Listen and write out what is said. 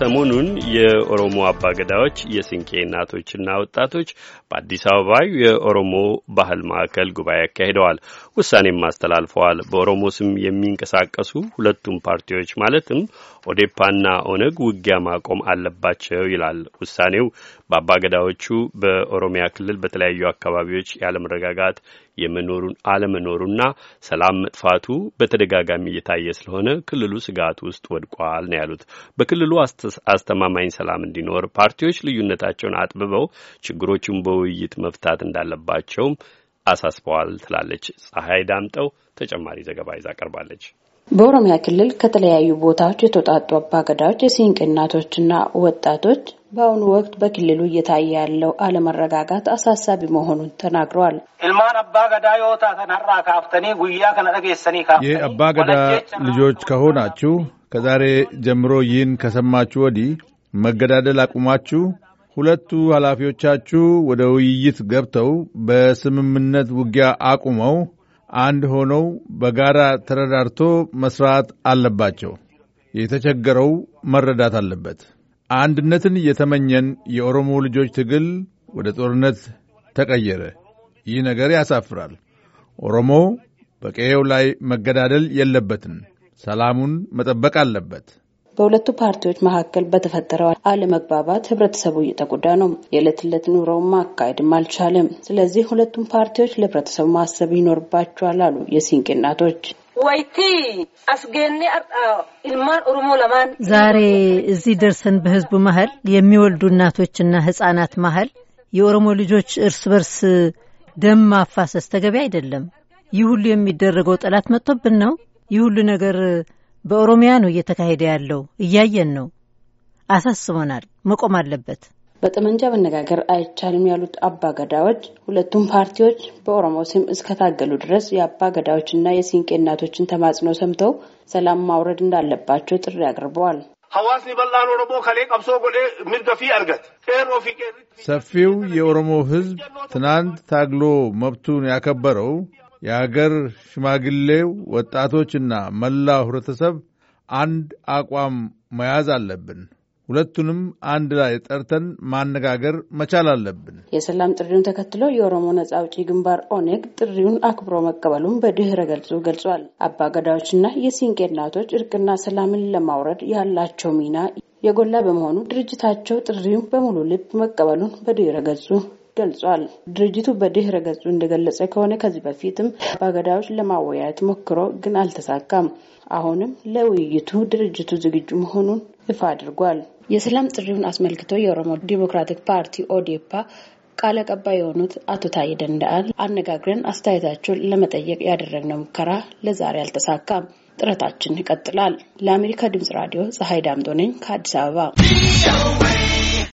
ሰሞኑን የኦሮሞ አባገዳዎች የስንቄ እናቶችና ወጣቶች በአዲስ አበባ የኦሮሞ ባህል ማዕከል ጉባኤ አካሂደዋል። ውሳኔም አስተላልፈዋል። በኦሮሞ ስም የሚንቀሳቀሱ ሁለቱም ፓርቲዎች ማለትም ኦዴፓና ኦነግ ውጊያ ማቆም አለባቸው ይላል ውሳኔው። በአባገዳዎቹ በኦሮሚያ ክልል በተለያዩ አካባቢዎች ያለመረጋጋት የመኖሩን አለመኖሩና ሰላም መጥፋቱ በተደጋጋሚ እየታየ ስለሆነ ክልሉ ስጋት ውስጥ ወድቋል ነው ያሉት። በክልሉ አስተማማኝ ሰላም እንዲኖር ፓርቲዎች ልዩነታቸውን አጥብበው ችግሮቹን በውይይት መፍታት እንዳለባቸውም አሳስበዋል ትላለች ፀሐይ ዳምጠው። ተጨማሪ ዘገባ ይዛ ቀርባለች። በኦሮሚያ ክልል ከተለያዩ ቦታዎች የተውጣጡ አባገዳዎች፣ የሲንቅ እናቶችና ወጣቶች በአሁኑ ወቅት በክልሉ እየታየ ያለው አለመረጋጋት አሳሳቢ መሆኑን ተናግረዋል። ልማን ገዳ ዮታ ከነራ ካፍተኒ ጉያ ከነጠጌሰኒ ገዳ ልጆች ከሆናችሁ ከዛሬ ጀምሮ ይህን ከሰማችሁ ወዲህ መገዳደል አቁማችሁ ሁለቱ ኃላፊዎቻችሁ ወደ ውይይት ገብተው በስምምነት ውጊያ አቁመው አንድ ሆነው በጋራ ተረዳርቶ መስራት አለባቸው። የተቸገረው መረዳት አለበት። አንድነትን የተመኘን የኦሮሞ ልጆች ትግል ወደ ጦርነት ተቀየረ። ይህ ነገር ያሳፍራል። ኦሮሞ በቀየው ላይ መገዳደል የለበትም። ሰላሙን መጠበቅ አለበት። በሁለቱ ፓርቲዎች መካከል በተፈጠረው አለመግባባት ህብረተሰቡ እየተጎዳ ነው። የዕለት ዕለት ኑሮውም ማካሄድም አልቻለም። ስለዚህ ሁለቱም ፓርቲዎች ለህብረተሰቡ ማሰብ ይኖርባቸዋል አሉ የሲንቄ እናቶች። ወይቲ ዛሬ እዚህ ደርሰን በህዝቡ መሀል የሚወልዱ እናቶችና ህጻናት መሀል የኦሮሞ ልጆች እርስ በርስ ደም ማፋሰስ ተገቢ አይደለም። ይህ ሁሉ የሚደረገው ጠላት መጥቶብን ነው። ይህ ሁሉ ነገር በኦሮሚያ ነው እየተካሄደ ያለው። እያየን ነው። አሳስቦናል። መቆም አለበት። በጠመንጃ መነጋገር አይቻልም ያሉት አባ ገዳዎች ሁለቱም ፓርቲዎች በኦሮሞ ስም እስከታገሉ ድረስ የአባ ገዳዎችና የሲንቄ እናቶችን ተማጽኖ ሰምተው ሰላም ማውረድ እንዳለባቸው ጥሪ አቅርበዋል። ሀዋስኒ በላን ኦሮሞ ከሌ ቀብሶ ጎዴ ምርገፊ አርገት ሰፊው የኦሮሞ ሕዝብ ትናንት ታግሎ መብቱን ያከበረው የአገር ሽማግሌው፣ ወጣቶችና መላው ህብረተሰብ አንድ አቋም መያዝ አለብን። ሁለቱንም አንድ ላይ ጠርተን ማነጋገር መቻል አለብን። የሰላም ጥሪውን ተከትሎ የኦሮሞ ነጻ አውጪ ግንባር ኦኔግ ጥሪውን አክብሮ መቀበሉን በድህረ ገልጹ ገልጿል። አባ የሲንቄ እናቶች እርቅና ሰላምን ለማውረድ ያላቸው ሚና የጎላ በመሆኑ ድርጅታቸው ጥሪውን በሙሉ ልብ መቀበሉን በድህረ ገጹ ገልጿል። ድርጅቱ በድህረ ገጹ እንደገለጸ ከሆነ ከዚህ በፊትም አባገዳዎች ለማወያየት ሞክሮ ግን አልተሳካም። አሁንም ለውይይቱ ድርጅቱ ዝግጁ መሆኑን ይፋ አድርጓል። የሰላም ጥሪውን አስመልክቶ የኦሮሞ ዴሞክራቲክ ፓርቲ ኦዴፓ ቃል አቀባይ የሆኑት አቶ ታዬ ደንደአን አነጋግረን አስተያየታቸውን ለመጠየቅ ያደረግነው ሙከራ ለዛሬ አልተሳካም። ጥረታችን ይቀጥላል። ለአሜሪካ ድምጽ ራዲዮ ፀሐይ ዳምጦ ነኝ ከአዲስ አበባ